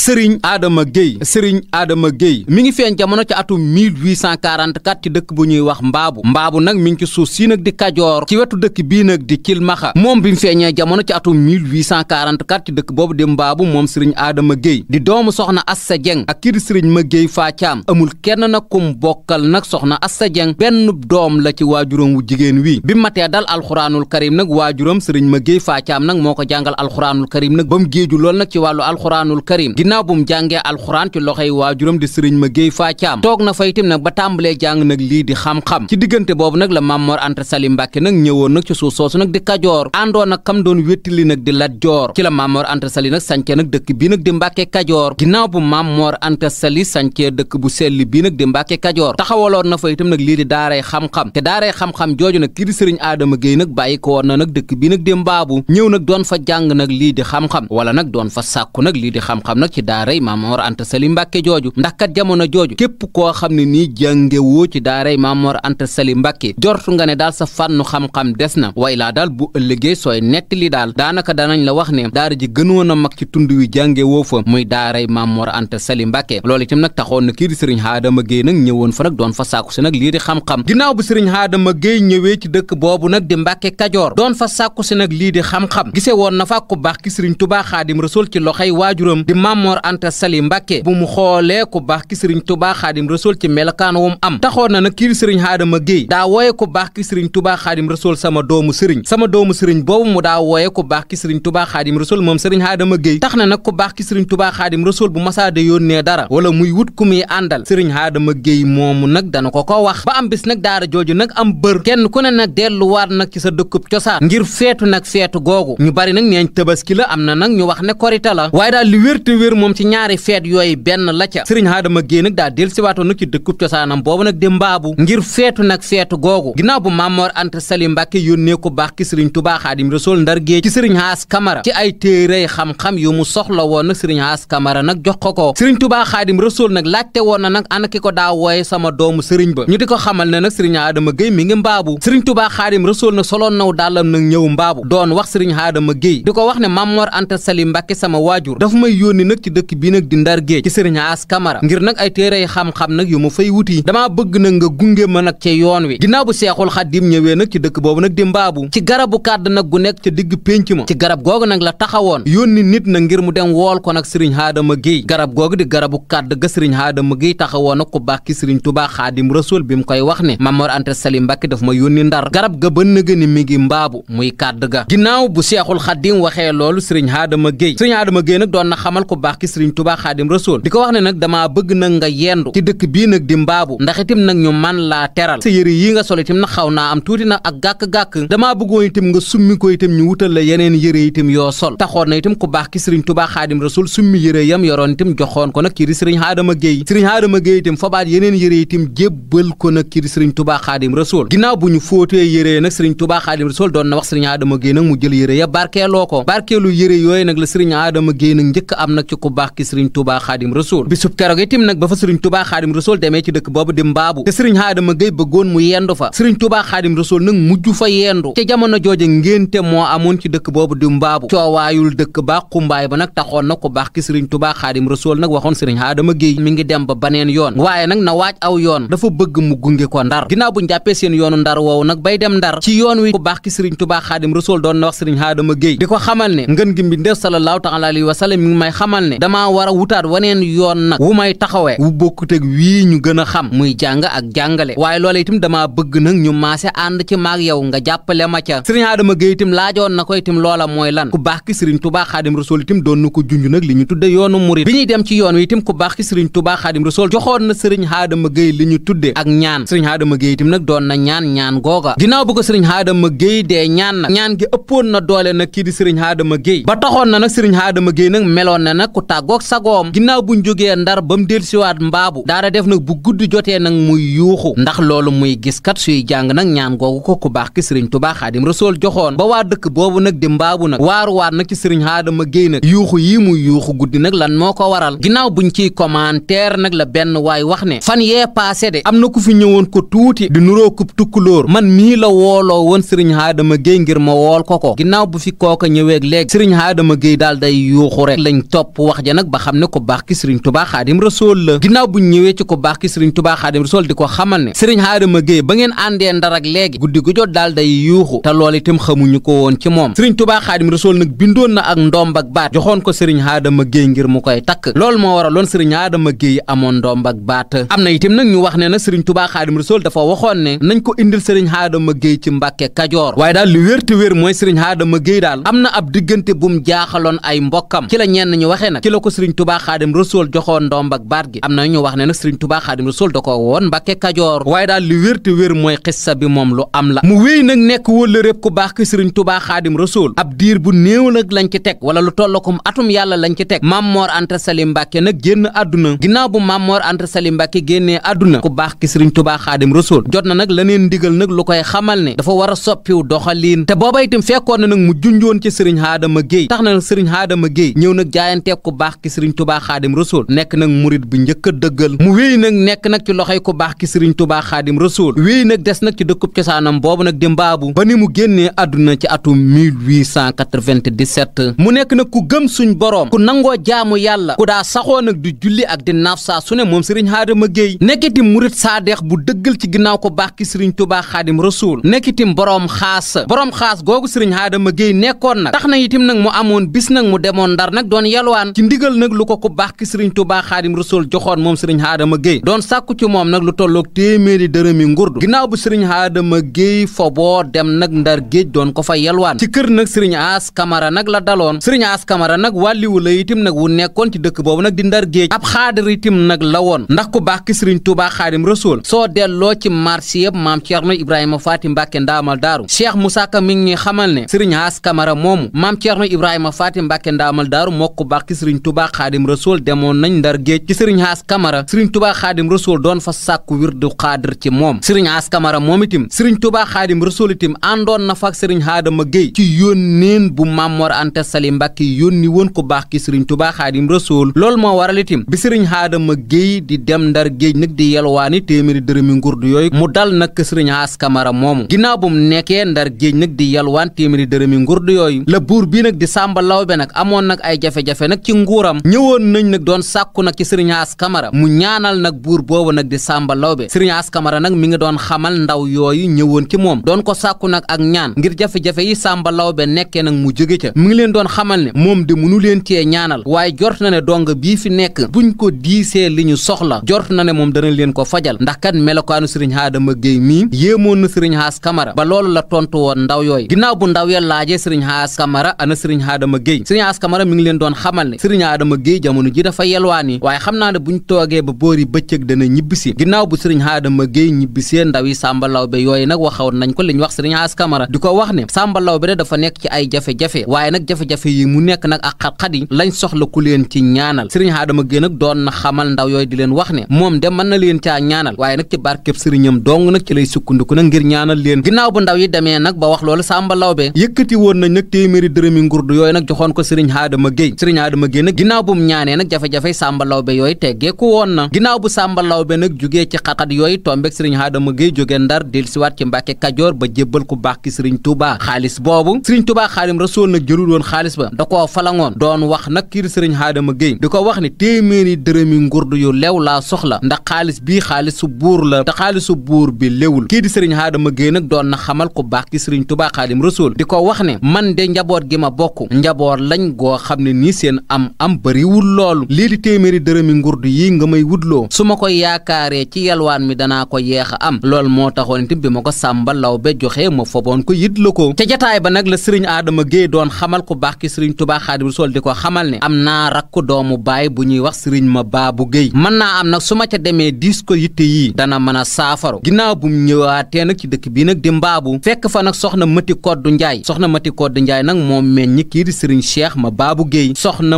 Serigne Adama Gueye Serigne Adama Gueye mi ngi feeñ jamono ci atum 1844 ci dëkk bu ñuy wax Mbaabu Mbaabu nag mi ngi ci suuf sii nag di Kajoor ci wetu dëkk bii nag di Kilmaxa moom bi mu feeñee jamono ci atum 1844 ci dëkk boobu di Mbaabu moom Serigne Adama Gueye di doomu soxna Assa Dieng ak kii di Serigne Ma Gueye Faa Caam amul kenn nag kum bokkal nag soxna Assa Dieng benn doom la ci waajuram wu jigéen wii bi matee dal alxuraanul karim nag waajuram Serigne Ma Gueye Faa nag moo ko jàngal alxuraanul karim nag ba mu géeju lool nag ci wàllu alxuraanul karim ginnaaw bu mu jàngee alxuraan ci loxoy waajuram di sëriñ ma géey faa caam toog na fa itam nag ba tàmbalee jàng nag lii di xam-xam ci diggante boobu nag la Mamor Anta Sali Mbàkke nag ñëwoon nag ci suuf soosu nag di Kajoor àndoon nag kam doon wéttali nag di Lat Joor ci la Mamor Anta Sali nag sancee nag dëkk bii nag di Mbàkke Kajoor ginnaaw bu Mamor Anta Sali sancee dëkk bu selli bii nag di Mbàkke Kajoor taxawaloon na fa itam nag lii di daaray xam-xam te daaray xam-xam jooju nag kii di sëriñ Aadama Géey nag bàyyi ko woon na nag dëkk bii nag di Mbaabu ñëw nag doon fa jàng nag lii di xam-xam wala nag doon fa ci daaray Mamor Anta Sali Mbàkke jooju ndax kat jamono jooju képp koo xam ne nii jàngewoo ci daaray Mamor Anta Sali Mbàkke jortu nga ne daal sa fànnu xam-xam des na way laa daal bu ëllëgee sooy nett li daal daanaka danañ la wax ne daara ji gënoon a mag ci tund wi jàngewoo fa muy daaray Mamor Anta Sali Mbàkke loolu itam nag taxoon na kii di sëriñ Xaadama Géey nag ñëwoon fa nag doon fa sàkku si nag lii di xam-xam ginnaaw bu sëriñ Xaadama Géey ñëwee ci dëkk boobu nag di Mbàkke Kajoor doon fa sàkku si nag Mamor Anta Sali Mbàkke bu mu xoolee ku baax ki sëriñ Tuubaa Xaadim Rasuul ci melokaan wum am taxoon na nag kii sëriñ Adama Guèye daa wooye ku baax ki sëriñ Tuubaa Xaadim Rasuul sama doomu sëriñ sama doomu sëriñ boobu mu daa wooye ku baax ki sëriñ Tuubaa Xaadim Rasuul moom sëriñ Adama Guèye tax na nag ku baax ki sëriñ Tuubaa Xaadim Rasuul bu masaa de yónnee dara wala muy wut ku muy àndal sëriñ Adama Guèye moomu nag dana ko ko wax ba am bis nag daara jooju nag am bër kenn ku ne nag delluwaat nag ci sa dëkkub cosaan ngir feetu nag feetu googu ñu bari nag neeñ tabaski la am na nag ñu wax ne kër moom ci ñaari feet yooyu benn la ca sëriñ Adama Guèye nag daa del siwaatoon nag ci dëkkub cosaanam boobu nag di mbaabu ngir feetu nag feetu googu ginnaaw bu Mamor Anta Sali Mbàkke yónnee ko baax ki sëriñ Tuubaa Xaadim Rasuul ndar géej ci sëriñ Haas Kamara ci ay téerey xam-xam yu mu soxla woon nag sëriñ Haas Kamara nag jox ko ko sëriñ Tuubaa Xaadim Rasuul nag laajte woon na nag ana ki ko daa wooye sama doomu sëriñ ba ñu di ko xamal ne nag sëriñ Adama Guèye mi ngi mbaabu sëriñ Tuubaa Xaadim Rasuul nag soloon naw dàllam nag ñëw mbaabu doon wax sëriñ Adama Guèye wax ne sama waajur nag ci dëkk bii nag di ndar géej ci sëriñ As Camara ngir nag ay téere xam-xam nag yu ma fay wuti damaa bëgg nag nga gunge ma nag ci yoon wi ginnaaw bu seexul xaddim ñëwee nag ci dëkk boobu nag di mbaabu ci garabu kàdd nag gu nekk ca digg pénc ma ci garab googu nag la taxawoon yónni nit nag ngir mu dem wool ko nag sëriñ Haadama Géey garab googu di garabu kàdd ga sëriñ Haadama Géey taxawoon nag ko baax ki sëriñ Tubaa Xaadim Rasuul bi mu koy wax ne Mamor Anta Sali Mbàkke daf ma yónni ndar garab ga ba nëga ni mi mbaabu muy kàdd ga bu seexul xaddim waxee loolu sëriñ Haadama baax ki sëriñ tubaa xaadim rasool di ko wax ne nag damaa bëgg nag nga yendu ci dëkk bii nag di mbaabu ndax itam nag ñu man laa teral sa yëre yi nga sol itam nag xaw naa am tuuti nag ak gàkk-gàkk damaa bëggoon itam nga summi ko itam ñu wutal la yeneen yëre itam yoo sol taxoon na itam ku baax ki sëriñ tubaa xaadim rasool summi yëre yam yoroon joxoon ko nag kii di sëriñ Adama Gueye sëriñ Adama Gueye itam fabaat yeneen yëre itam jébbal ko nag kii di sëriñ tubaa xaadim rasool bu ñu fóotee yëre nag sëriñ tubaa xaadim rasool doon na wax sëriñ Adama Gueye mu jël yëre ya barkeeloo ko barkeelu yëre yooyu ku baax ki sëriñ Touba Xaadim Rasuul bisub keroog itim nag ba fa sëriñ Touba Xaadim Rasuul demee ci dëkk boobu di mbaabu te sëriñ Adama Gueye bëggoon mu yendu fa sëriñ Touba Xaadim Rasuul nag mujj fa yendu ca jamono jooje ngénte moo amoon ci dëkk boobu di mbaabu coowaayul dëkk ba xumbaay ba nag taxoon na ku baax ki sëriñ Touba Xaadim Rasuul nag waxoon sëriñ Adama Gueye mi ngi dem ba baneen yoon waaye nag na waaj aw yoon dafa bëgg mu gunge ko ndar ginnaaw bu njàppee seen yoonu ndar woowu nag bay dem ndar ci yoon ne damaa war a wutaat waneen yoon nag wu may taxawee wu bokkuteg wii ñu gën a xam muy jàng ak jàngale waaye loola itam damaa bëgg nag ñu maase ànd ci maak yow nga jàppale ma ca sëriñ Adama Gueye itam laajoon na ko itam loola mooy lan ku baax ki sëriñ Touba Xaadim Rasul itam doon na ko junj nag li ñu tudde yoonu murit bi ñuy dem ci yoon wi itam ku baax ki sëriñ Touba Xaadim Rasul joxoon na sëriñ Adama Gueye li ñu tudde ak ñaan sëriñ Adama Gueye nag doon na ñaan ñaan googa ginnaaw bu ko sëriñ Adama Gueye dee ñaan nag ñaan gi ëppoon na doole nag kii di sëriñ Adama Gueye ku tàggoog sagoom ginnaaw buñ jógee ndar ba mu delsiwaat mbaabu daara def nag bu gudd jotee nag muy yuuxu ndax loolu muy gis kat suy jàng nag ñaan googu ko ku baax ki sëriñ Tuubaa Xaadim Rasuul joxoon ba waa dëkk boobu nag di mbaabu nag waaruwaat nag ci sëriñ Xaadama Géy nag yuuxu yi muy yuuxu guddi nag lan moo ko waral ginnaaw buñ ciy commentaire nag la benn waaye wax ne fan yee paase de am na ku fi ñëwoon ko tuuti di nuroo kub tukkulóor man mii la wooloo woon sëriñ Xaadama Géy ngir ma wool ko ko wax ja nag ba xam ne ko baax ki sëriñ tubaa xaadim la ginnaaw buñ ñëwee ci ko baax ki sëriñ tubaa xaadim di ko xamal ne sëriñ Adama Gueye ba ngeen àndee ndar ak léegi guddi gu jot daal day yuuxu te loolu itam xamuñu ko woon ci moom sëriñ tubaa xaadim nag bindoon na ak ndomb ak baat joxoon ko sëriñ Adama Gueye ngir mu koy takk loolu moo waraloon sëriñ Adama Gueye amoon ndomb ak baat am na itam nag ñu wax ne na sëriñ tubaa xaadim rasool dafa waxoon ne nañ ko indil sëriñ Adama Gueye ci mbàkke kajoor waaye daal li wér te wér mooy sëriñ Adama Gueye daal am na ab diggante bu mu boobee nag ci la ko sëriñ tubaa xaadim rasool joxoon ndomb ak baat gi am na ñu wax ne nag sëriñ tubaa da ko woon mbàkke kajoor waaye daal li wér te wér mooy xissa bi moom la mu wéy nag nekk wólla répp ku baax ki sëriñ tubaa xaadim rasool ab diir bu néew nag lañ ci teg wala lu tollakum atum yàlla lañ ci teg mammoor anta sali mbàkke nag génn àdduna ginnaaw bu mammoor anta sali mbàkke génnee àdduna ku baax ki sëriñ tubaa xaadim rasool jot na nag laneen ndigal nag lu koy xamal ne dafa war a soppiw doxaliin te booba itam fekkoon na nag mu junjoon ci sëriñ a Gueye tax na nag sëriñ a Gueye ñëw nag jaayante ku baax ki sëriñ tubaa xaadim rasuul nekk nag murit bu njëkk a dëggal mu wéy nag nekk nag ci loxoy ku baax ki sëriñ tubaa xaadim rasuul wéy nag des nag ci dëkkub cosaanam boobu nag di mbaabu ba ni mu génnee àdduna ci atum 1897 mu nekk nag ku gëm suñ boroom ku nangoo jaamu yàlla ku daa saxoo nag di julli ak di naaf saa su ne moom sëriñ xaadama géey nekkiti murit saadeex bu dëggal ci ginnaaw ko baax ki sëriñ tubaa xaadim rasuul nekkitim boroom xaas boroom xaas googu sëriñ xaadama géey nekkoon nag tax na itim nag mu amoon bis nag mu demoon ndar nag doon alxuraan ci ndigal nag lu ko ku baax ki sëriñ tubaa xaadim rasul joxoon moom sëriñ Adama Gueye doon sàkku ci moom nag lu tolloog téeméeri dërëmi ngurdu ginnaaw bu sëriñ Adama Gueye foboo dem nag ndar géej doon ko fa yelwaan ci kër nag sëriñ As kamara nag la daloon sëriñ As kamara nag wàlliwu la itim nag wu nekkoon ci dëkk boobu nag di ndar géej ab xaadir itim nag la woon ndax ku baax ki sëriñ tubaa xaadim rasul soo delloo ci marché yëpp maam Ceerno Ibrahima Faati Mbàkke ndaamal daaru Cheikh Moussa Ka mi ngi ñuy xamal ne sëriñ As Camara moomu maam Ceerno Ibrahima Faati Mbàkke ndaamal daaru moo ku sëriñ tubaa xaadim rasool demoon nañ ndar géej ci sëriñ xaas tubaa xaadim rasool doon fa sàkku wirdu xaadir ci moom sëriñ xaas kamara moom itam sëriñ tubaa xaadim rasool itam àndoon na fa ak sëriñ xaadama géey ci yónneen bu mamor anta sali mbàkke yónni woon ko baax ki sëriñ tubaa xaadim rasool loolu moo waral itam bi sëriñ xaadama géey di dem ndar géej nag di yelwaani téeméeri dërëmi ngurdu yooyu mu dal nag sëriñ xaas kamara moomu ginnaaw bu mu nekkee ndar géej nag di yelwaan téeméeri dërëmi ngurdu yooyu la buur bi nag di sàmba lawbe nag amoon nag ay jafe-jafe ci nguuram ñëwoon nañ nag doon sàkku nag ci sëriñ As Camara mu ñaanal nag buur boobu nag di Samba Lawbe sëriñ As kamara nag mi ngi doon xamal ndaw yooyu ñëwoon ci moom doon ko sàkku nag ak ñaan ngir jafe-jafe yi Samba Lawbe nekkee nag mu jóge ca mi ngi leen doon xamal ne moom de munu leen cee ñaanal waaye jort na ne dong bii fi nekk bu buñ ko diisee li ñu soxla jort na ne moom dana leen ko fajal ndax kat melokaanu sëriñ Adama Gueye mii yéemoon na sëriñ As Camara ba loolu la tontu woon ndaw yooyu ginnaaw bu ndaw ya laajee Serigne Adama Gueye jamono ji dafa yi waaye xam naa ne bu ñu toogee ba boori bëccëg dana ñibbisi ginnaaw bu Serigne Adama Gueye ñibbisee ndaw yi Samba Lawbe yooyu nag waxawoon nañ ko li ñu wax Serigne kamara di ko wax ne Samba Lawbe de dafa nekk ci ay jafe-jafe waaye nag jafe-jafe yi mu nekk nag ak xat-xat yi lañ soxla ku leen ci ñaanal Serigne Adama Gueye nag doon na xamal ndaw yooyu di leen wax ne moom de mën na leen ca ñaanal waaye nag ci barkeb sëriñam dong nag lay sukkandiku nag ngir ñaanal leen ginnaaw bu ndaw yi demee nag ba wax loolu Samba Lawbe yëkkati woon nañ nag téeméeri dërëmi ngurdu yooyu nag joxoon ko Serigne Adama Gueye Serigne génn ginnaaw bu mu ñaanee nag jafe-jafe Samba Lawbe yooyu teggeeku woon na ginnaaw bu Samba Lawbe nag jugee ci xat-xat yooyu tombeeg Serigne Adama Gueye jóge Ndar dellusiwaat ci Mbàkke Kajoor ba jébbal ku baax ki Serigne Touba xaalis boobu Serigne Touba Xaadim Rasuul nag jëlul woon xaalis ba da koo falangoon doon wax nag kii di Serigne Adama Gueye di ko wax ni téeméeri dërëmi ngurdu yu lew laa soxla ndax xaalis bii xaalisu buur la te xaalisu buur bi léwul kii di Serigne Adama Gueye nag doon na xamal ku baax ki Serigne Touba Xaadim Rasuul di ko wax ne man de njaboot gi ma bokk njaboot lañ goo xam am am bëriwul lool lii di téeméeri dërëmi ngurdu yi nga may loo su ma koy yaakaaree ci yalwaan mi danaa ko yeex a am lool moo taxoon itam bi ma ko sàmba law be joxee ma foboon ko yit la ko ca jataay ba nag la sëriñ aadama Guèye doon xamal ko baax ki sëriñ Tuubaa Xaadimu Rasuul di ko xamal ne am naa rakk doomu baay bu ñuy wax sëriñ ma baabu géey mën naa am nag su ma ca demee diis ko yitte yii dana mën a saafaru ginnaaw bu mu ñëwaatee nag ci dëkk bii nag di mbaabu fekk fa nag soxna Mati Koddu Njaay soxna Mati Koddu Njaay nag moom meññi kii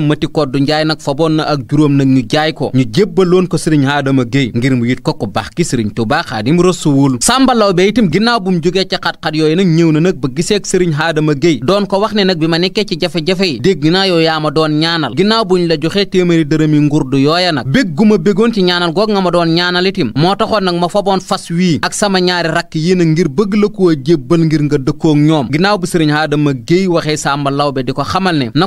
mati koddu njaay nag faboon na ak juróom nag ñu jaay ko ñu jébbaloon ko sëriñ Adama Guèye ngir mu yit ko ko baax ki sëriñ Tuubaa Xaadim Rasuul Samba Lawbe itam ginnaaw bu mu jógee ca xat-xat yooyu nag ñëw na nag ba gisee ak sëriñ Adama Guèye doon ko wax ne nag bi ma nekkee ci jafe-jafe yi dégg naa yow yaa ma doon ñaanal ginnaaw buñ la joxee téeméeri dërëm yi ngurdu yooya nag bég gu ci ñaanal goog nga ma doon ñaanal itim moo taxoon nag ma faboon fas wii ak sama ñaari rakk yi nag ngir bëgg la koo jébbal ngir nga dëkkoog ñoom ginnaaw bu sëriñ Adama Guèye waxee Samba Lawbe di ko xamal ne na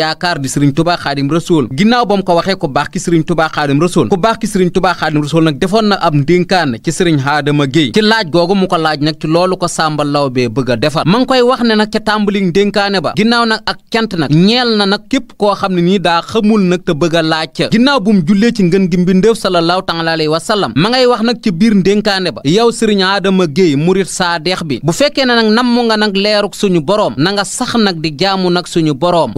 yaakaar di sëriñ tubaa xaadim rasuul ginnaaw ba mu ko waxee ku baax ki sëriñ tubaa xaadim rasuul ku baax ki sëriñ tubaa xaadim nag defoon na ab ndénkaan ci sëriñ Adama Guèye ci laaj googu mu ko laaj nag ci loolu ko Samba Lawbe bëgg a defar ma koy wax ne nag ca tàmbali ndénkaane ba ginnaaw nag ak cant nag ñeel na nag képp koo xam ne nii daa xamul nag te bëgg a laaj ca ginnaaw bu mu jullee ci ngën gi mbindéef sallallahu taala alayhi wa sallam ma ngay wax nag ci biir ndénkaane ba yow sëriñ Adama Guèye murit saadeex bi bu fekkee ne nag namm nga nag leeruk suñu boroom na nga sax di jaamu nag suñu boroom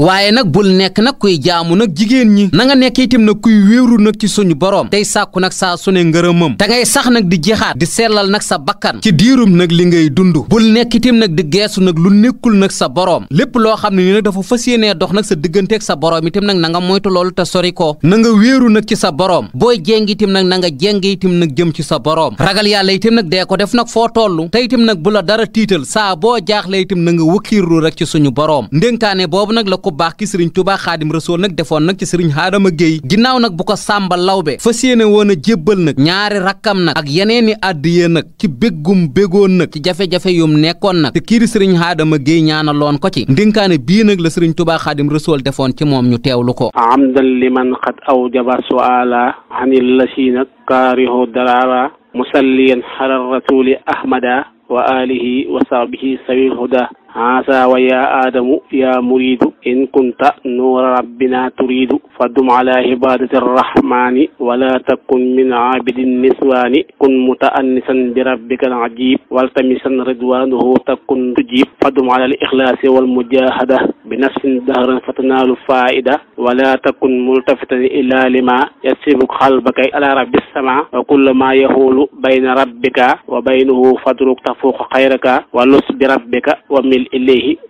bul nekk nag kuy jaamu nag jigéen ñi na nga nekk itam nag kuy wéeru nag ci suñu borom tey sàkku nag saa su ne ngërëmam da ngay sax nag di jixaat di sellal nag sa bakkan ci diirum nag li ngay dund bul nekk itam nag di geesu nag lu nekkul nag sa borom lépp loo xam ne ni nag dafa fas yéenee dox nag sa diggante digganteeg sa borom itam nag nanga nga moytu loolu te sori ko na nga wéeru nag ci sa borom boo jéng itam nag na nga jéng nag jëm ci sa borom ragal yàlla itam nag dee ko def nag foo toll te itam nag bu la dara tiital saa boo jaaxle itam na nga wëkkiiru rek ci suñu boroom ndénkaane boobu nag la ko baax sëriñ Tuubaa Xaadim Rasuul nag defoon nag ci sëriñ Adama Gueye ginnaaw nag bu ko Sàmba Lawbe fas yéene woon a jébbal nag ñaari rakkam nag ak yeneeni àddiye nag ci béggum béggoon nag ci jafe-jafe yum nekkoon nag te kii di sëriñ Adama Gueye ñaanaloon ko ci ndénkaane bii nag la sëriñ Tuubaa Xaadim Rasuul defoon ci moom ñu teewlu ko amdan liman qad awjaba su'ala anil lasina kaarihu darara musalliyan ala rasuli ahmada wa alihi wa sahbihi sawil huda asa wa ya aadamu ya muriidu in kunta nuura rabbina turiidu fadum ala ibadati arrahmani wala takun min aabidin niswaani kun mutaannisan bi rabbika alajib waltamisan ridwanahu takun tujib fadum ala alikhlaasi walmujahada bi nafsin dahran fatanaalu faida wala takun multafitan ila lima yasibuk xalbaka ala rabbi sama wa kulla ma yahulu bayna rabbika wa baynahu fadruk tafuq xayraka wa lus bi rabbika wa mil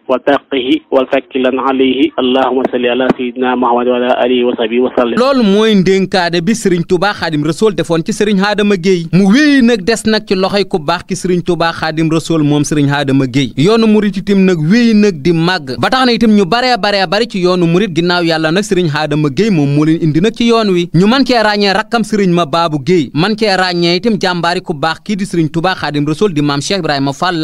wa taqqihi wa takkilan alayhi allahuma salli ala sayidina muhammad wa ala alihi wa sahbihi wa sallim loolu mooy ndénkaane bi sëriñ tubaa xaadim rasool defoon ci sëriñ Adama Guèye mu wéy nag des nag ci loxoy ku baax ki sëriñ tubaa xaadim rasool moom sëriñ a Guèye yoonu murit itam nag wéy nag di màgg ba tax na itam ñu baree baree bari ci yoonu murit ginnaaw yàlla nag sëriñ Adama Guèye moom moo leen indi nag ci yoon wi ñu man cee ràññee rakkam sëriñ ma baabu Guèye man cee ràññee itam jàmbaari ku baax kii di sëriñ tubaa xaadim rasool di maam cheikh ibrahima fall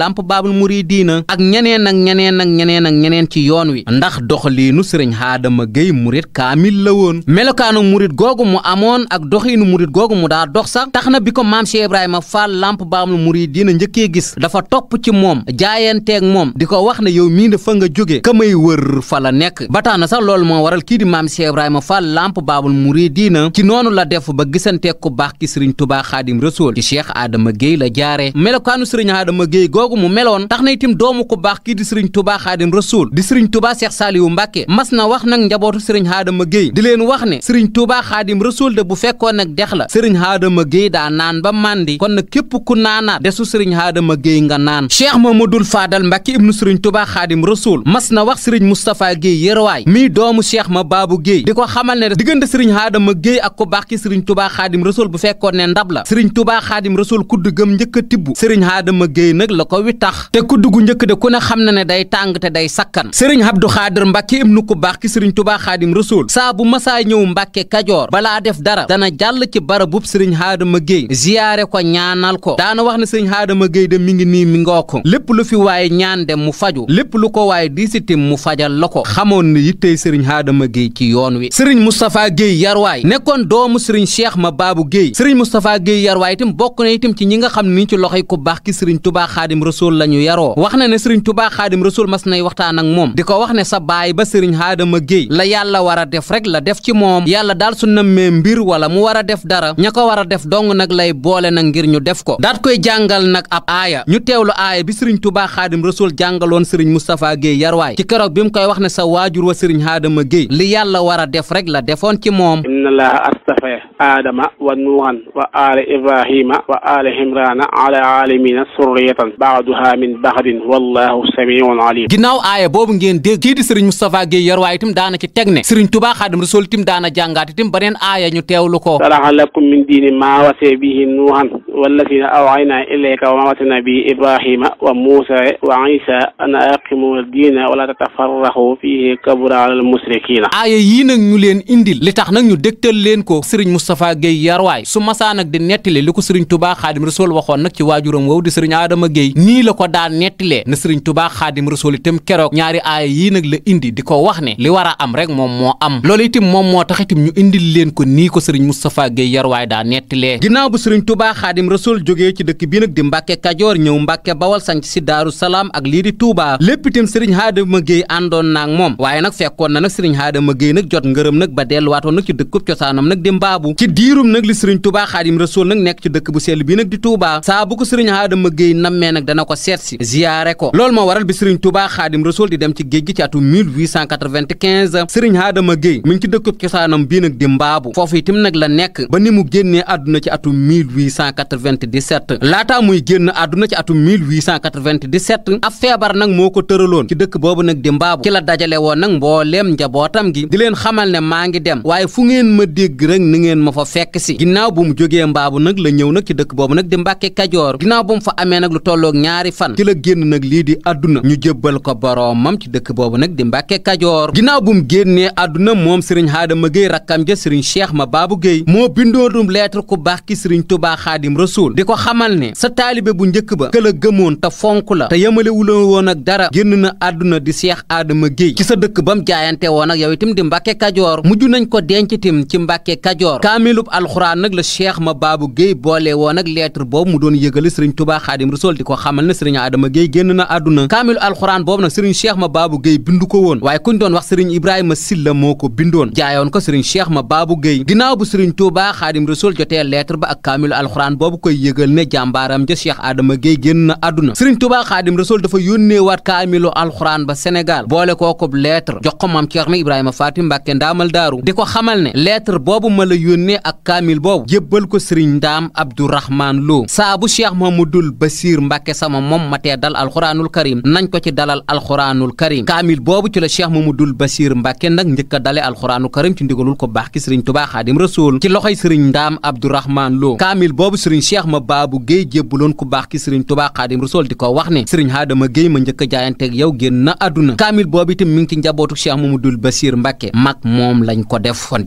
ñeneen ak ñeneen ak ñeneen ak ñeneen ci yoon wi ndax doxaliinu sëriñ Adama Gueye murit kaamil la woon melokaanu murit googu mu amoon ak doxiinu murit googu mu daa dox sax tax na bi ko maam Cheikh Ibrahima Fall lamp baamul murit dina njëkkee gis dafa topp ci moom jaayanteeg moom di ko wax ne yow mii fa nga jóge ka may wër fa la nekk ba tax sax lool moo waral kii di maam Cheikh Ibrahima Fall lamp baabul murit diina ci noonu la def ba gisanteeg ku baax ki sëriñ Tuubaa Xaadim Rasuul ci Cheikh Adama Gueye la jaare kii di sëriñ tubaa xaadim rasuul di sëriñ tubaa seex saaliwu mbàkke mas na wax nag njabootu sëriñ xaadama géey di leen wax ne sëriñ tubaa xaadim rasuul de bu fekkoon nag dex la sëriñ xaadama géey daa naan ba màndi kon nag képp ku naanaat desu sëriñ xaadama géey nga naan cheikh mamadul faadal mbàkke ibnu sëriñ tubaa xaadim rasuul mas na wax sëriñ moustapha géey yërwaay mii doomu cheikh ma baabu géey di ko xamal ne diggante sëriñ xaadama géey ak ku baax ki sëriñ tubaa xaadim rasuul ne ndab la sëriñ tubaa xaadim rasuul a tibb sëriñ xaadama géey nag la ko wi tax te xam na ne day tàng day sakkan sëriñ Abdou Xaadir Mbàkke ibnu ku baax ki sëriñ Tubaa Xaadim Rasuul saa bu masaa ñëw Mbàkke Kajoor balaa def dara dana jàll ci bara barabub sëriñ Xaadama Géey ziyaare ko ñaanal ko daana wax na sëriñ Xaadama Géey de mi ngi nii mi ngoo ko lépp lu fi waaye ñaan dem mu faju lépp lu ko waaye diisitim mu fajal la ko xamoon ne yittey sëriñ Xaadama Géey ci yoon wi sëriñ Moustapha yar Yarwaay nekkoon doomu sëriñ Cheikh ma baabu Géey sëriñ Moustapha Géey Yarwaay itam bokk na itam ci ñi nga xam ni ci loxoy ku baax ki sëriñ Tubaa Xaadim Rasuul lañu yaroo wax Touba Xaadim Rasul mas nay waxtaan ak moom di ko wax ne sa baay ba sëriñ Adama Guèye a def rek la def ci moom yàlla mu war a def dara ña ko war a def dong nag lay boole nag ngir ñu def ko daat koy jàngal nag ab aaya ñu teewlu aaya bi sëriñ Touba Xaadim Rasul jàngaloon sëriñ Moustapha Guèye yarwaay ci keroog bi mu koy wax ne sa waajur wa sëriñ Adama Guèye li yàlla war a def rek la defoon ci moom inna laaha astafaa aadama wa nuuhan wa aala ibrahima wa aala imraana ala aalamiina surriyatan baaduha min baadin wallahu samiun alim ginnaaw aaya boobu ngeen dégg kii di sëriñ Moustapha Guèye Yarwaay itam daana ci teg ne sëriñ Tuubaa Xaadim Rasuul itam daana jàngaat itam beneen aaya ñu teewlu ko saraxa lakum min diini maa wasee bihi nuuhan wallazina awxaynaa ilayka wa maa wasayna bihi ibrahima wa muusa wa isa an aqimu diina wala tatafarraxu fihi kabura alal musrikiina aaya yii ñu leen indil li tax nag ñu dégtal leen ko sëriñ Moustapha Guèye Yarwaay su masaa nag di nettali li ko sëriñ Tuubaa Xaadim Rasuul waxoon nag ci waajuram woowu di sëriñ Adama Guèye nii la ko daan nettalee baax xaadim rasul itam keroog ñaari aaya yii nag la indi di ko wax ne li war a am rek moom moo am loolu itam moom moo tax itam ñu indil leen ko nii ko sëriñ Moustapha Guèye yarwaay daa nettalee ginnaaw bu sëriñ Touba xaadim rasul jógee ci dëkk bi nag di Mbàkke Kajoor ñëw Mbàkke Bawal sanc si Daaru Salaam ak lii di Touba lépp itam sëriñ Xaadima Guèye àndoon naag moom waaye nag fekkoon na nag sëriñ a Guèye nag jot ngërëm nag ba delluwaatoon nag nag ci diirum bu sell bi nag di Touba saa bu ko sëriñ waral bi sëriñ Touba Xaadim Rasuul di dem ci géej gi ci atum 1895 sëriñ Adama Guèye mi ngi ci dëkk cosaanam bii nag di mbaabu foofu itam nag la nekk ba ni mu génnee àdduna ci atum 1897 laataa muy génn àdduna ci atum 1897 ab feebar nag moo ko tëraloon ci dëkk boobu nag di mbaabu ci la dajale woon nag mbooleem njabootam gi di leen xamal ne maa ngi dem waaye fu ngeen ma dégg rek ni ngeen ma fa fekk si ginnaaw bu mu jógee mbaabu nag la ñëw nag ci dëkk boobu nag bu mu fa amee nag lu tolloog ñaari àdduna ñu jébbal ko boroomam ci dëkk boobu nag di Mbàkke Kajoor ginnaaw bu mu génnee àdduna moom sëriñ Xaadama Géey rakkam ja sëriñ Cheikh Ma Baabu Géey moo bindoonum lettre ku baax ki sëriñ Tubaa Xaadim Rasuul di ko xamal ne sa taalibe bu njëkk ba këla gëmoon te fonk la te yemalewula woon ak dara génn na àdduna di Cheikh Adama Géey ci sa dëkk ba mu jaayante woon ak yow itam di Mbàkke Kajoor mujj nañ ko denc itam ci Mbàkke Kajoor kaamilub alxuraan nag la Cheikh Ma Baabu Géey boole woon ak lettre boobu mu doon yëgale sëriñ Tubaa Xaadim Rasuul di ko xamal ne sëriñ Adama Géey génn na àdduna kaamilu alxuraan boobu na sëriñ cheikh ma baabu géey bindu ko woon waay kuñ doon wax sëriñ ibrahima silla moo ko bindoon jaayoon ko sëriñ cheikh ma baabu géey ginnaaw bu sëriñ tuuba xaadim rasul jotee lettre ba ak kaamilu alxuraan boobu koy yëgal ne jàmbaaram ja cheikh adama géey génn na àdduna sëriñ tuuba xaadim rasul dafa yónneewaat kaamilu alxuraan ba sénégal boole kookub lettre jox ko maam Ceerno ibrahima faati mbàkke ndaamal daaru di ko xamal ne lettre boobu ma yónnee ak kaamil boobu jébbal ko sëriñ ndaam abdourahman loo saa bu cheikh mahamadul basir mbàkke sama moom matee dal alxuraanul Karim nañ ko ci dalal alxuraanul karim kaamil boobu ci la cheikh mamadul basir mbàkke nag njëkk a dale alxuraanul karim ci ndigalul ko baax ki sëriñ tubaa xaadim rasul ci loxoy sëriñ ndaam abdourahman loo kaamil boobu sëriñ cheikh ma baabu géey jébbaloon ku baax ki sëriñ tubaa xaadim di ko wax ne sëriñ haadama géey ma njëkk a jaayanteeg yow génn na kaamil boobu itam mi ngi ci njabootu cheikh mamadul basir mbàkke mag moom lañ ko def kon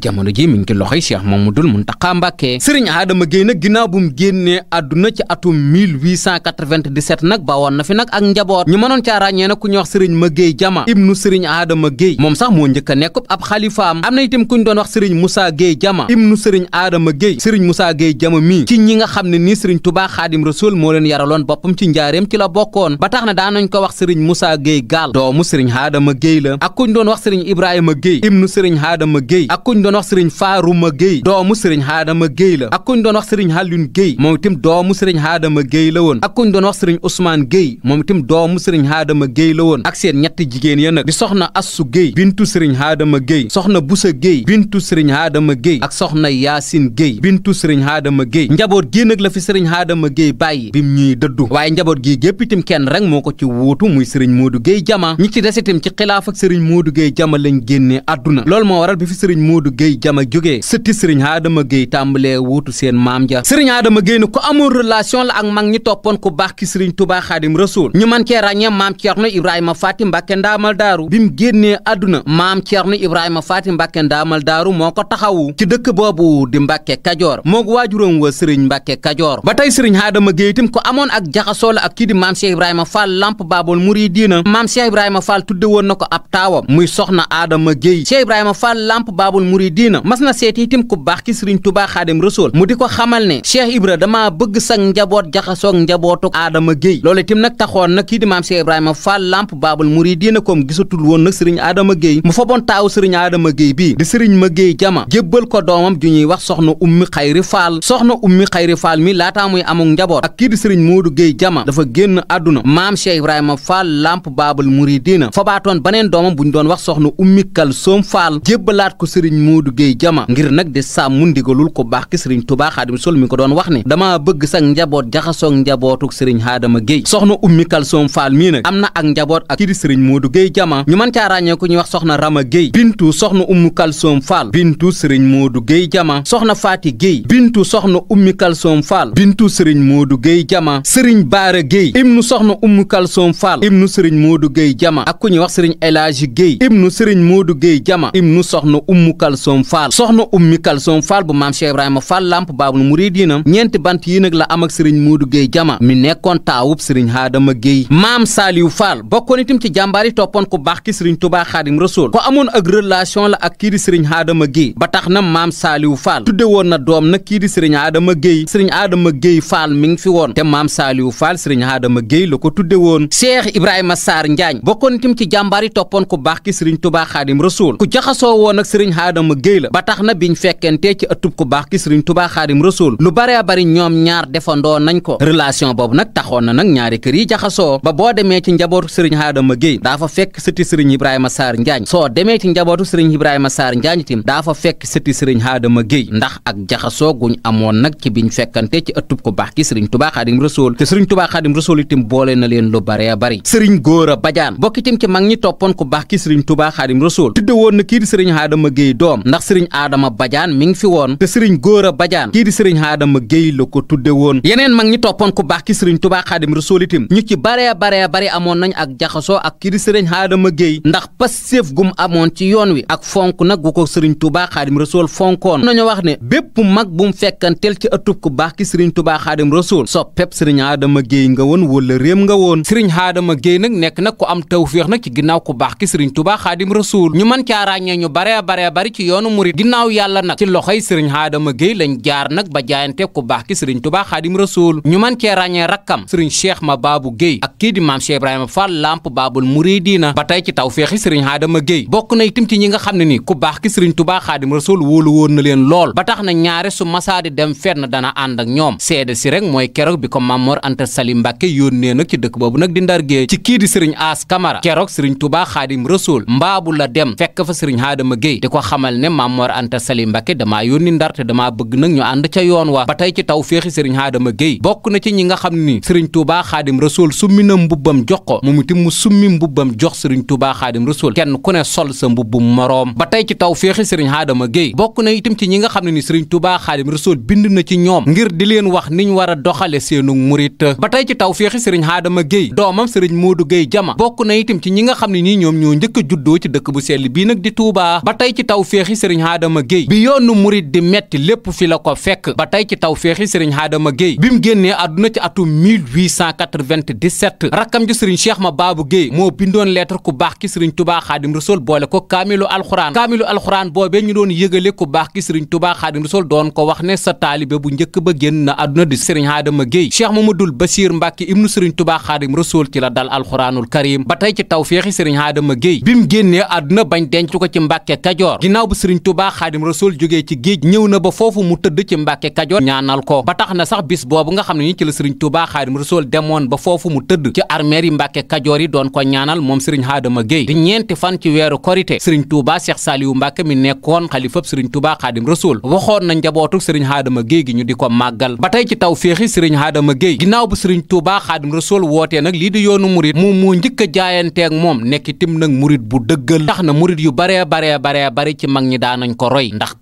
jamono mënoon caa ràññee nag ku ñuy wax sëriñ ma géey jama ibnu sëriñ aadama géey moom sax moo njëkk a nekk ab xalifaam am na itam ku ñu doon wax sëriñ Moussa géey jama ibnu sëriñ aadama géey sëriñ Moussa géey jama mii ci ñi nga xam ne nii sëriñ tubaa xaadim rasul moo leen yaraloon boppam ci njaareem ci la bokkoon ba tax na daanañ ko wax sëriñ Moussa géey gaal doomu sëriñ aadama géey la ak ku ñu doon wax sëriñ ibrahima géey ibnu sëriñ aadama géey ak ku ñu doon wax sëriñ faaruma géey doomu sëriñ aadama géey la ak ku doon wax sëriñ xàllun géey moom itam doomu sëriñ aadama géey la woon ak ku ñu doon wax sëriñ Adama Guèye la woon ak seen ñetti jigéen ya nag di soxna Assu Guèye bintu sëriñ Adama Guèye soxna bu sa Guèye bintu sëriñ Adama Guèye ak soxna Yaasin Guèye bintu sëriñ Adama Guèye njaboot gi nag la fi sëriñ Adama Guèye bàyyi bim ñuy dëddu waaye njaboot gii gépp itam kenn rek moo ko ci wuutu muy sëriñ Modou Guèye Jama ñi ci des itam ci xilaaf ak sëriñ Modou Guèye Jama lañ génnee àdduna loolu moo waral bi fi sëriñ Modou Guèye Jama jóge sëtti sëriñ Adama Guèye tàmbalee wuutu seen maam ja sëriñ Adama Guèye ne ku relation la ak mag ñi toppoon ku baax ki sëriñ Touba ràññee maam Thierno Ibrahima Faty Mbacke Ndaamal Daaru bi mu génnee àdduna maam Thierno Ibrahima Faty Mbacke Ndaamal Daaru moo ko taxawu ci dëkk boobu di Mbacke Kajoor moog waajuram wa Serigne Mbacke Kajoor ba tey Serigne Adama Gueye itam ko amoon ak jaxasoo la ak kii di maam Cheikh Ibrahima Fall Lamp Baabul Muridiina maam Cheikh Ibrahima Fall tudde woon na ko ab taawam muy soxna Adama Gueye Cheikh Ibrahima Fall Lamp Baabul Muridiina mas na seeti itam ku baax ki Serigne Touba Xaadim Rasuul mu di ko xamal ne Cheikh Ibra dama bëgg sa njaboot jaxasoog njabootu Adama Gueye loolu itam nag taxoon maam Cheikh Ibrahima Fall Lamp Baabul Muridiina comme gisatul woon nag sëriñ Adama Guèye mu foboon taaw sëriñ Adama Guèye bii di sëriñ ma Guèye jama jébbal ko doomam ju ñuy wax soxna ummi xayri Fall soxna ummi xayri Fall mi laataa muy amuk njaboot ak kii di sëriñ Moodu Guèye jama dafa génn àdduna maam Cheikh Ibrahima Fall Lamp Baabul Muridiina fobaatoon baneen doomam bu ñu doon wax soxna ummi Kalsoom Fall jébbalaat ko sëriñ Moodu Guèye jama ngir nag di sàmm ndi ko baax ki sëriñ Tuubaa Xaadim Sol mi doon wax ne dama bëgg sax njaboot jaxasoog njabootuk sëriñ Adama Fall mii nag am na ak njaboot ak kii di sëriñ Modou Guèye Jama ñu man caa ràññee ku ñuy wax soxna Rama Guèye bintu soxna Ummu Kalsoom Fall bintu sëriñ Modou Guèye Jama soxna Faati Guèye bintu soxna Ummi Kalsoom Fall bintu sëriñ Modou Guèye Jama sëriñ Baara Guèye ibnu soxna Ummu Kalsoom Fall ibnu sëriñ Modou Guèye Jama ak ko ñuy wax sëriñ Elaaji Guèye ibnu sëriñ Modou Guèye Jama ibnu soxna Ummu Kalsoom Fall soxna Ummi Kalsoom Fall bu maam Cheikh Ibrahima Fall lamp mu muridiinam ñeenti bant yi nag la am ak sëriñ Modou Guèye Jama mi nekkoon taawub sëriñ Haadama Guèye maam Saliou Fall bokkoon itam ci jàmbaar yi toppoon ku baax ki Serigne Touba Xaadim Rasoul ko amoon ak relation la ak kii di Serigne Adama Guèye ba tax na maam Saliou Fall tudde woon na doom na kii di Serigne Adama Guèye Serigne Adama Guèye Fall mi ngi fi woon te maam Saliou Fall Serigne Adama Guèye la ko tudde woon seex Ibrahima saar Njaañ bokkoon itam ci jàmbaar yi toppoon ku baax ki Serigne Touba Xaadim Rasoul ko jaxasoo woon ak Serigne Adama géy la ba tax na biñ fekkentee ci ëttub ku baax ki Serigne Touba Xaadim Rasoul lu bare bari ñoom ñaar defandoo nañ ko relation boobu nag taxoon demee ci njabootu sëriñ Adama Guèye daa fa fekk sëti sëriñ Ibrahima Sarr Njaañ soo demee ci njabootu sëriñ Ibrahima Sarr Njaañ itam daa fa fekk sëti sëriñ Adama Guèye ndax ak jaxasoo guñ amoon nag ci biñ fekkante ci ëttub ko baax ki sëriñ Tubaa Xaadim Rasuul te sëriñ Tubaa Xaadim Rasuul itam boole na leen lu baree bari sëriñ Góora Badiane bokk itam ci mag ñi toppoon ku baax ki sëriñ Tubaa Xaadim Rasuul tudde woon na kii di sëriñ Adama Guèye doom ndax sëriñ Adama Badiane mi ngi fi woon te sëriñ Góora Badiane kii di sëriñ Adama Guèye la ko tudde woon yeneen mag ñi toppoon ku baax ki sëriñ Tubaa Xaadim Rasuul itam ñu ci baree baree baree bari amoon nañ ak jaxasoo ak kii di sëriñ Adama Gueye ndax Pastef gum amoon ci yoon wi ak fonk nag gu ko sëriñ Touba Xaadim Rasuul fonkoon nañu wax ne bépp mag bu mu fekkanteel ci ëttub ku baax ki sëriñ Touba Xaadim Rasuul soppeb sëriñ Adama Gueye nga woon wala réem nga woon sëriñ Adama géey nag nekk nag ku am tawféex nag ci ginnaaw ku baax ki sëriñ Touba Xaadim Rasuul ñu man caa ràññee ñu bare baree bari ci yoonu murit ginnaaw yàlla nag ci loxoy sëriñ Adama Gueye lañ jaar nag ba jaayante ku baax ki sëriñ Touba Xaadim ñu mën cee ràññee rakkam sëriñ Cheikh Mababou Gueye maam Cheikh Ibrahima Fall lamp baabul muridiina ba tey ci taw feexi sëriñ Adama Guèye bokk na itam ci ñi nga xam ne ni ku baax Xaadim Rasul su masaadi bi ko Mamor Anta Sali Mbàkke yónnee nag ci dëkk boobu nag di Ndar Guèye ci kii di sëriñ As Camara keroog sëriñ Touba Xaadim Rasul mbaabu la dem fekk fa sëriñ Adama Guèye ne Mamor Anta Sali Mbàkke damaa yónni Ndar te damaa bëgg nag ñu ànd ca yoon wa ba tey ci taw feexi sëriñ Adama Guèye bokk na ci mbubbam jox ko sa mbubbu moroom ba tey ci taw féexi sëriñ na itam ci ñi nga xam ne ni sëriñ Touba Xaadim Rasul bind na ci ñoom ngir di leen wax niñ war a doxale seenu murit ba tey ci taw féexi sëriñ Adama Gueye doomam sëriñ Modou Gueye Jama bokk na itam ci ñi nga xam ne nii ñoom ñoo njëkk a juddoo ci dëkk bu sell bii nag di Touba ba tey ci taw féexi sëriñ Adama Gueye bi yoonu murit di metti lépp fi la ko fekk ba tey ci taw féexi sëriñ Adama Gueye bi mu génnee àdduna ci atum rakkam ju sëriñ cheikh ma baabu géey moo bindoon lettre ku baax ki sëriñ tubaa xaadim rasul boole ko kaamilu alxuraan kaamilu alxuraan boobee ñu doon yëgale ku baax ki sëriñ tubaa xaadim rasul doon ko wax ne sa taalibe bu njëkk ba génn na àdduna di sëriñ Adama Géey cheikh mamadul basir mbàkke ibnu sëriñ tubaa xaadim rasul ci la ba tey ci tawféexi sëriñ Adama Géey bi mu génnee àdduna bañ denc ko ci mbàkke kajoor ginnaaw bu sëriñ tubaa xaadim rasul jógee ci géej ñëw na ba foofu mu tëdd ci mbàkke kajoor ñaanal ko ba tax na sax bis boobu nga xam ne ni ci la sëriñ ba foofu mu tëdd ci armeer yi Mbàkke Kajoor yi doon ko ñaanal moom sëriñ Xaadama Géey di ñeenti fan ci weeru korite sëriñ Touba Cheikh Saliou Mbàkke mi nekkoon xalifab sëriñ Touba Xaadim Rasuul waxoon na njabootu sëriñ Xaadama Géey gi ñu di ko màggal ba tey ci taw féexi sëriñ Xaadama Géey ginnaaw bu sëriñ Touba Xaadim Rasuul wootee nag lii di yoonu murit moom moo njëkk a jaayanteeg moom nekk itam nag murit bu dëggal tax na murit yu baree baree baree ci mag ñi daanañ ko roy ndax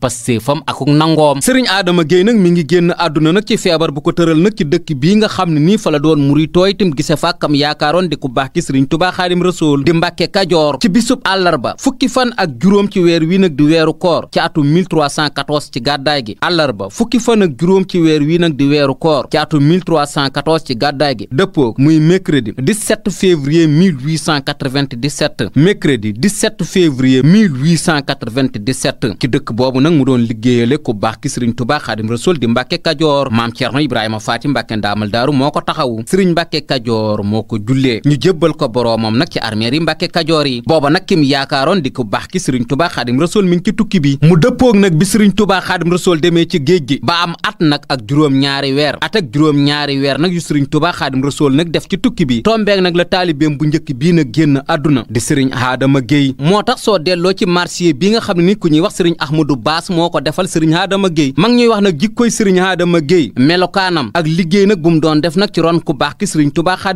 yaakaaroon di ku baax ki sëriñ tubaa xaadim rasuul di mbàkke kajoor ci bisub àllarba fukki fan ak juróom ci weer wi nag di weeru koor ci atum 1314 ci gàddaay gi àllarba fukki fan ak juróom ci weer wi nag di weeru koor ci atum 1314 ci gàddaay gi dëppoo muy mercredi 17 février 1897 mercredi 17 février 1897 ci dëkk boobu nag mu doon liggéeyale ku baax ki sëriñ tubaa xaadim rasuul di mbàkke kajoor maam Cerno Ibrahima Faati Mbàkke ndaamal daaru moo ko taxawu sëriñ mbàkke kajoor moo ko jullee ñu jébbal ko boroomam nag ci armeer yi mbàkke kajoor yi booba nag kim yaakaaroon di ko baax ki sëriñ tubaa xaadim rasool mi ngi ci tukki bi mu dëppoog nag bi sëriñ tubaa xaadim rasool demee ci géej gi ba am at nag ak juróom-ñaari weer at ak juróom-ñaari weer nag yu sëriñ tubaa xaadim rasool nag def ci tukki bi tombeeg nag la taalibeem bu njëkk bi nag génn àdduna di sëriñ Adama Gueye moo tax soo delloo ci marché bi nga xam ni ku ñuy wax sëriñ Ahmadou Baas moo ko defal sëriñ Adama Gueye mag ñuy wax nag jikkoy sëriñ Adama Gueye melokaanam ak liggéey nag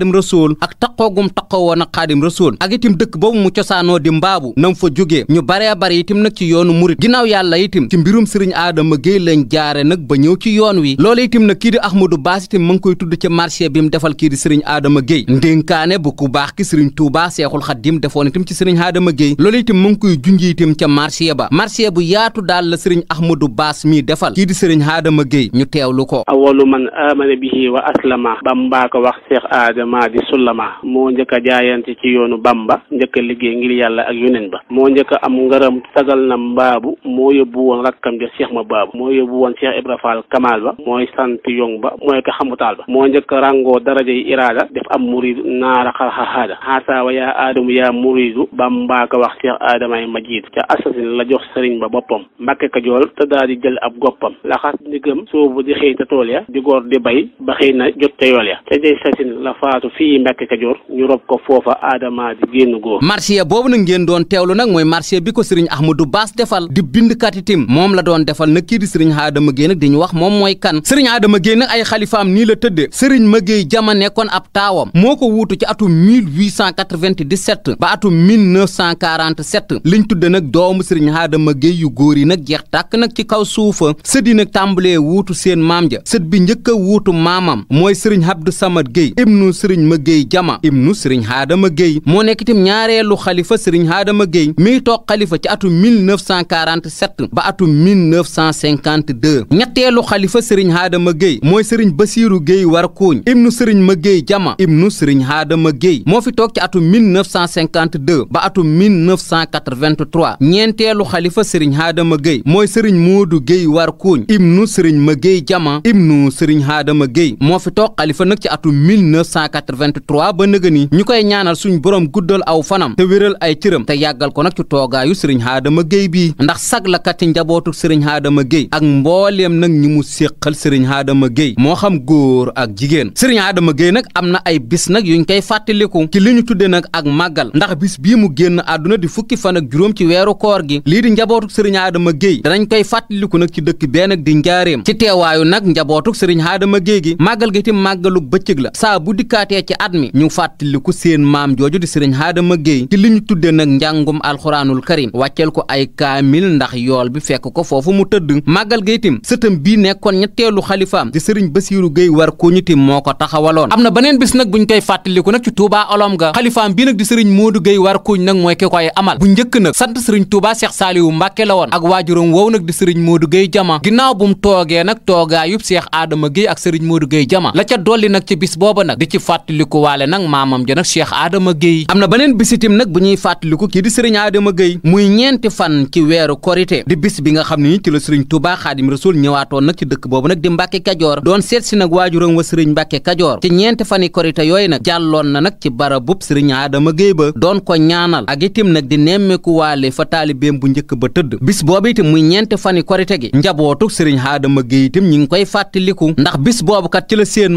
mu rasuul ak taqoogum taqoo woon ak xaadim rasuul ak itim dëkk boobu mu cosaanoo di mbaabu nam fa jógee ñu baree bari itim nag ci yoonu murit ginnaaw yàlla itim ci mbirum sëriñ aadama géey leen jaare nag ba ñëw ci yoon wi loola itim nag kii di ahmadou baas itim ma ngi koy tudd ci marché bi mu defal kii di sëriñ aadama géey ndénkaane bu ku baax ki sëriñ tuubaa seexul xaddim defoon itim ci sëriñ aadama géey loola itim ma ngi koy junji itim ca marché ba marché bu yaatu daal la sëriñ ahmadou baas mi defal kii di sëriñ aadama géey ñu teewlu ko awalu man amana bihi wa aslama bamba wax Sullama moo njëkk a jaayante ci yoonu Bamba njëkk a liggéey ngir yàlla ak yoneen ba moo njëkk a am ngërëm sagal na mbaabu moo yóbbu woon rakkam ja Cheikh ma baabu moo yóbbu woon seex Ibra Fall Kamal ba mooy sant yong ba mooy ko xamutaal ba moo njëkk a ràngoo daraja yi iraada def am muridu naara xarxaxaada xaasaawa yaa aadamu yaa muridu bam ko wax Cheikh aadamay ma jiitu ca assasin la jox sëriñ ba boppam Mbàkke Kajoor te daal di jël ab goppam laxas ndigam soobu di xëy ta tool ya di góor di ba xëy na jot ya Mbàkke Kajoor ñu boobu nag ngeen doon teewlu nag mooy marsiya bi ko sëriñ Ahmadou Bass defal di bind itim moom la doon defal nag kii di sëriñ Adama Gueye nag di ñu wax moom mooy kan sëriñ Adama Gueye nag ay xalifaam nii la tëddee sëriñ Magueye Jama nekkoon ab taawam moo ko wuutu ci atum 1897 ba atum 1947 liñ tudde nag doomu sëriñ Adama Gueye yu góor yi nag jeex tàkk nag ci kaw suufa sët yi tàmbalee wuutu seen maam ja sët bi njëkk a wuutu maamam mooy sëriñ Abdou Samad Gueye ibnu Gueye Jama ibnu sëriñ Haadama Gueye moo nekk itam ñaareelu xalifa sëriñ Haadama Gueye mi ngi toog xalifa ci atum 1947 ba atum 1952 ñetteelu xalifa sëriñ Haadama Gueye mooy sëriñ Basiiru Gueye Warkooñ ibnu sëriñ Ma Gueye Jama im ibnu sëriñ Haadama Gueye moo fi toog ci atum 1952 ba atum 1983 ñeenteelu xalifa sëriñ Haadama Gueye mooy sëriñ Moodu Gueye Warkooñ ibnu sëriñ Ma Gueye Jama ibnu sëriñ Haadama Gueye moo fi toog xalifa nag ci atum 2023 ba nëga ni ñu koy ñaanal suñ borom guddal aw fanam te wéral ay cëram te yàggal ko nag ci toogaayu sëriñ Adama Gueye bii ndax saglakat ci njabootu sëriñ Adama Gueye ak mbooleem nag ñi mu séqal sëriñ Adama Gueye moo xam góor ak jigéen sëriñ Adama Gueye nag am na ay bis nag yuñ koy fàttaliku ci li ñu tudde nag ak màggal ndax bis bii mu génn àdduna di fukki fan ak juróom ci weeru koor gi lii di njabootuk sëriñ Adama Gueye danañ koy fàttaliku nag ci dëkk bee di njaareem ci teewaayu nag njabootuk sëriñ Adama gi màggal gi ti bëccëg la at mi ñu fàttaliku seen maam jooju di sëriñ Adama Gueye ci li ñu tudde nag njàngum alxuraanul karim wàcceel ko ay kaamil ndax yool bi fekk ko foofu mu tëdd màggal ga itam sëtam bii nekkoon ñetteelu xalifaam di sëriñ Basiiru Gueye war ko ñitim moo ko taxawaloon am na beneen bis nag buñ koy fàttaliku nag ci Touba olom ga xalifaam bi nag di sëriñ Modou Gueye war kuñ nag mooy ki koy amal bu njëkk nag sant sëriñ Touba Cheikh Saliou Mbacke la woon ak waajuram woow nag di sëriñ Modou Gueye jama ginnaaw bu mu toogee nag toogaayub Cheikh Adama Gueye ak sëriñ Modou Gueye jama la ca dolli nag ci bis booba nag di ci fàttaliku fàttaliku waale nag maamam ja nag Cheikh Adama Guèye am na beneen bis nag bu ñuy fàttaliku kii di sëriñ Adama Guèye muy ñeenti fan ci weeru korite di bis bi nga xam ne ni ci la sëriñ Touba Xaadim Rasul ñëwaatoon nag ci dëkk boobu nag di Mbàkke Kajoor doon seet si nag waajuram wa sëriñ Mbàkke Kajoor ci ñeenti fani korite yooyu nag jàlloon na nag ci barabub sëriñ Adama Guèye ba doon ko ñaanal ak itam nag di nemmeeku waale fa taalibeem bu njëkk ba tëdd bis boobu itam muy ñeenti fani korite gi njabootu sëriñ Adama Guèye itam ñi ngi koy fàttaliku ndax bis boobu kat ci la seen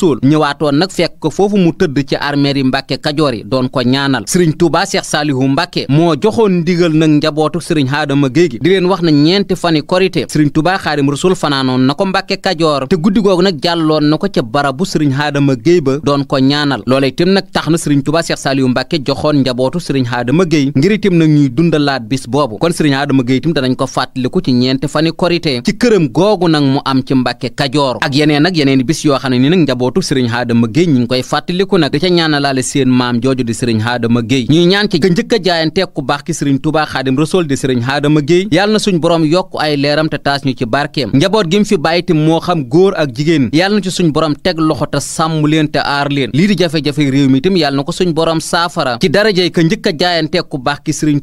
suul ñëwaatoon nag fekk ko foofu mu tëdd ci armeer yi mbàkke kajoor yi doon ko ñaanal sëriñ Touba Cheikh Salihu Mbàkke moo joxoon ndigal nag njabootu sëriñ Adama Gueye gi di leen wax na ñeenti fani korité sëriñ Touba Xaadim Rasul fanaanoon na ko mbàkke kajoor te guddi googu nag jàlloon na ko ca barabu sëriñ Adama Gueye ba doon ko ñaanal loola itam nag tax na sëriñ Touba Cheikh Salihu Mbàkke joxoon njabootu sëriñ Adama Gueye ngir itam nag ñuy dundalaat bis boobu kon sëriñ Adama Gueye itam danañ ko fàttaliku ci ñeenti fani korité ci këram googu nag mu am ci mbàkke kajoor ak yeneen ak yeneen bis yoo xam ne ni nag njaboot njabootu sëriñ Adama Gueye ñi ngi koy fàttaliku nag di ca ñaanalaale seen maam jooju di sëriñ Adama Gueye ñuy ñaan ci ka njëkk a jaayanteeg ku baax ki sëriñ Touba Xaadim Rasuul di sëriñ Adama Gueye yàlla na suñ borom yokk ay leeram te taas ñu ci barkeem njaboot gi mu fi bàyyi te moo xam góor ak jigéen yàlla na ci suñ borom teg loxo te sàmm leen te aar leen lii di jafe-jafe réew mi itam yàlla na ko suñ borom saafara ci darajey ka njëkk a jaayanteeg ku baax ki sëriñ